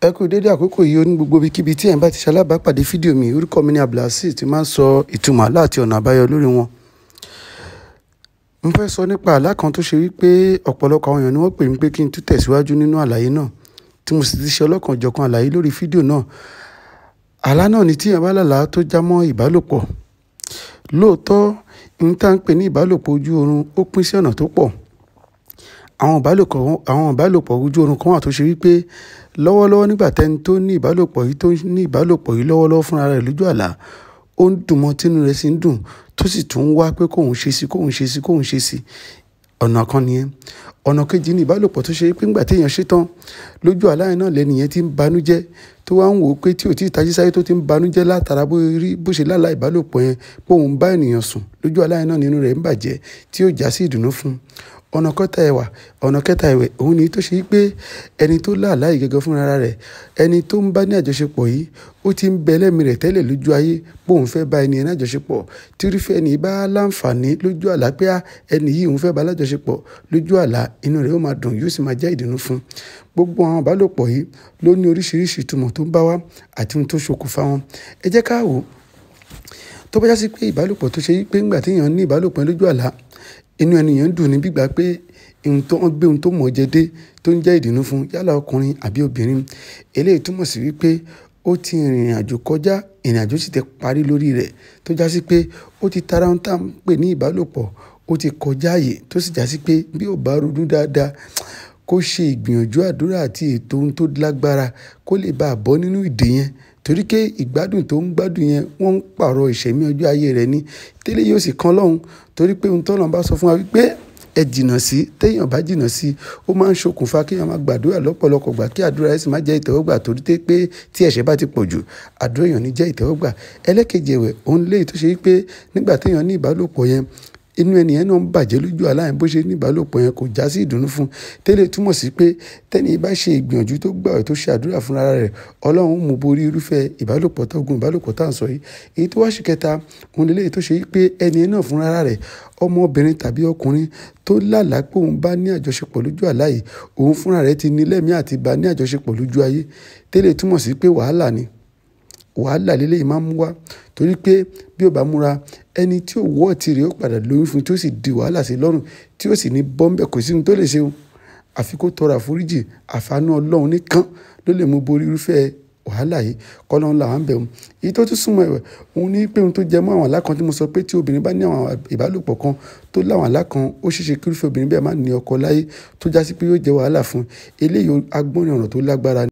ẹ kú dédé àkókò yìí oní gbogbo ibikíbi tí ẹ̀ ń bá ti ṣalábàápàdé fídíò mi orúkọ mi ní abdulhasis ti máa ń sọ ìtumọ̀ àlá àti ọ̀nà àbáyọ lórí wọn. mo fẹ́ sọ nípa àlá kan tó ṣe wípé ọ̀pọ̀lọpọ̀ àwọn èèyàn ni wọ́n pè mí pé kí n tún tẹ̀síwájú nínú àlàyé náà tí mo sì ti ṣe ọlọ́kanòjọ̀kan àlàyé lórí fídíò náà. àlá náà ni tí ẹ̀ bá tó àwọn ìbálòpọ̀ àwọn ìbálòpọ̀ ojú oorun kan wà tó ṣe wípé lọ́wọ́lọ́wọ́ nígbà tẹ́ni tó ní ìbálòpọ̀ yìí tó ní ìbálòpọ̀ yìí lọ́wọ́lọ́wọ́ fúnra rẹ̀ lójú àlá ó ń dùn mọ́ tínú rẹ̀ sì ń dùn tó sì tún ń wá pé kóun ṣe sí kóun ṣe sí kóun ṣe sí ọ̀nà kan nìyẹn ọ̀nà kejì ní ìbálòpọ̀ tó ṣe pé ńgbà téèyàn ṣe tán lójú aláìní náà lẹ́nìyẹn ti ń banújẹ́ tó wá ń wò ó pé tí ò tí ì tají sáyé tó ti ń banújẹ́ látara bó rí bó ṣe lálàá ìbálòpọ̀ yẹn pé òun bá ènìyàn sùn lójú aláìní náà nínú rẹ̀ ń bàjẹ́ tí ó já sí ìdùnnú fún un ọ̀nà kẹta ẹ̀wà ọ̀nà kẹta ẹ̀wẹ̀ òun ni tó ṣe pé ẹni tó láàlá yìí gẹ́gẹ́ fúnra rẹ̀ ẹni tó ń bá ní àjọṣepọ̀ yìí ó ti ń bẹ lẹ́mìí rẹ̀ tẹ́lẹ̀ lójú ayé bóun fẹ́ bá ẹni ẹni àjọṣepọ̀ tírúfẹ́ ẹni bá láǹfààní lójú àlá pé ah, ẹni yìí òun fẹ́ ba lájọṣepọ̀ lójú àlá inú rẹ̀ ó máa dùn yóò sì máa jẹ́ ìdùnnú fún gbogbo àwọn ìbálòpọ̀ yìí ló ní oríṣiríṣi ìtumọ̀ tó ń bá wá àti ohun tó ṣokùnfà wọn ẹ jẹ́ ká wò tó bá já sí pé ìbálòpọ̀ tó ṣe pé ńgbà téèyàn ní ìbálòpọ̀ lójú àlá inú ẹnìyẹn ń dùn ní gbígbà pé ohun tó ń gbé ohun tó mọ̀ jẹ dé tó ń jẹ́ ìdùnnú fún yálà ọkùnrin àbí obìnrin eléyìí túmọ̀ sí wípé ó ti rìnrìn àjò kọjá ìrìn àjò sì ti parí lórí rẹ̀ tó já sí pé ó ti tara ohun tá ń pè ní ìbálòpọ̀ ó ti kọjá àyè tó sì já sí pé bí ò bá ronú dáadáa kó ṣe ìgbìyànjú àdúrà àti ètò ohun tó lágbára kó lè bá a bọ́ nínú ìdè yẹn torí pé ìgbádùn tó ń gbádùn yẹn wọ́n ń pààrọ̀ ìṣẹ̀mí ọjọ́ ayé rẹ̀ ní tẹ́lẹ̀ yóò sì kan lọ́hùn torí pé ohun tọ́lọ́run bá sọ fún wa wípé ẹ jìnnà sí téèyàn bá jìnnà sí ó máa ń ṣokùnfà kéèyàn máa gbàdúrà lọ́pọ̀lọpọ̀ gbà kí àdúrà ẹ̀ sì má jẹ́ ìtẹ́wọ́gbà torí pé tí ẹ̀ṣẹ̀ bá ti pọ̀ jù àdúrà èèyàn ní jẹ́ ìtẹ́wọ́gbà ẹlẹ́kejì òun léyìí tó ṣe wípé nígbà téèyàn ní ìbálòpọ̀ yẹn inú ẹnìyẹn náà ń bàjẹ́ lójú aláìní bó ṣe ní ìbálòpọ̀ yẹn kò já sí ìdùnnú fún un tẹ́lẹ̀ túmọ̀ sí pé tẹ́ni bá ṣe ìgbìyànjú tó gbà tó ṣe àdúrà fúnra rẹ̀ ọlọ́run mú borí irúfẹ́ ìbálòpọ̀ tó gun ìbálòpọ̀ tá à ń sọ yìí èyí tó wá sí kẹta òun lélẹ́yìí tó ṣe pé ẹnìyẹn náà fúnra rẹ̀ ọmọbìnrin tàbí ọkùnrin tó lálàá òun bá ní àjọṣepọ̀ lójú àlá òun fúnra rẹ̀ ti ní lẹ́mìí àti bá ní àjọṣepọ̀ lójú ayé tẹ́lẹ̀ túmọ̀ sí pé wàhálà ni wàhálà lílé yìí máa mú wá torí pé bí ó bá múra ẹni tí ò wọ́ ọ̀tí rẹ̀ ó padà lórí fún tí ó sì di wàhálà sí lọ́rùn tí ó sì ní bọ́ńbẹ́ kò sí ohun tó lè ṣe o àfi kó tọrọ àforíjì àfanú ọlọ́run nìkan ló lè mú borí irúfẹ́ wàhálà yìí kọ́lọ́ ńlá à ń bẹ̀ wọn èyí tó tún súnmọ́ ẹ̀wẹ̀ òun ní pé òun tó jẹ mọ́ àwọn àlá tí mo sọ pé tí obìnrin bá ní àwọn ìbálòpọ̀ kan tó láwọn àlá ó ṣeéṣe kí irúfẹ́ obìnrin bẹ́ẹ̀ má ní ọkọ láyé tó já sí pé yóò jẹ́ wàhálà fún eléyìí agbórin ọ̀ràn tó lágbára